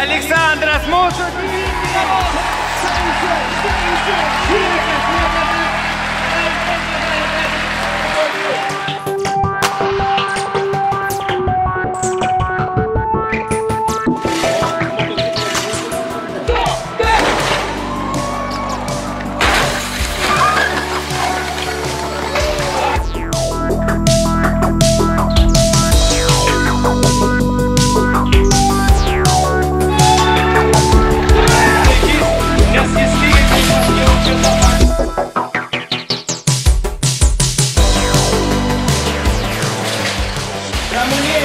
Александра Смушу,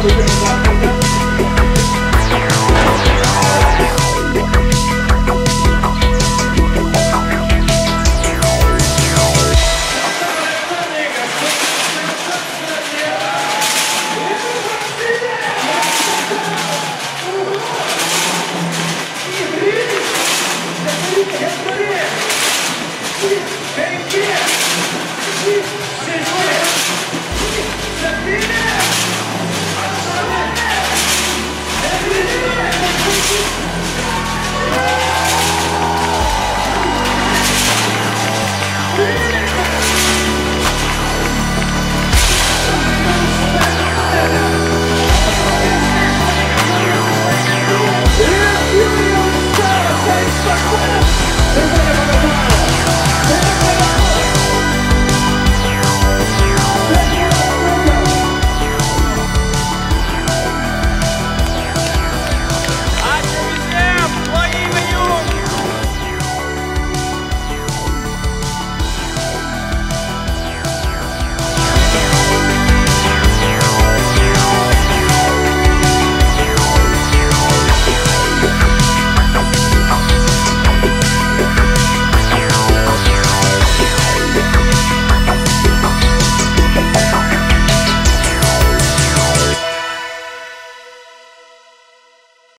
I'm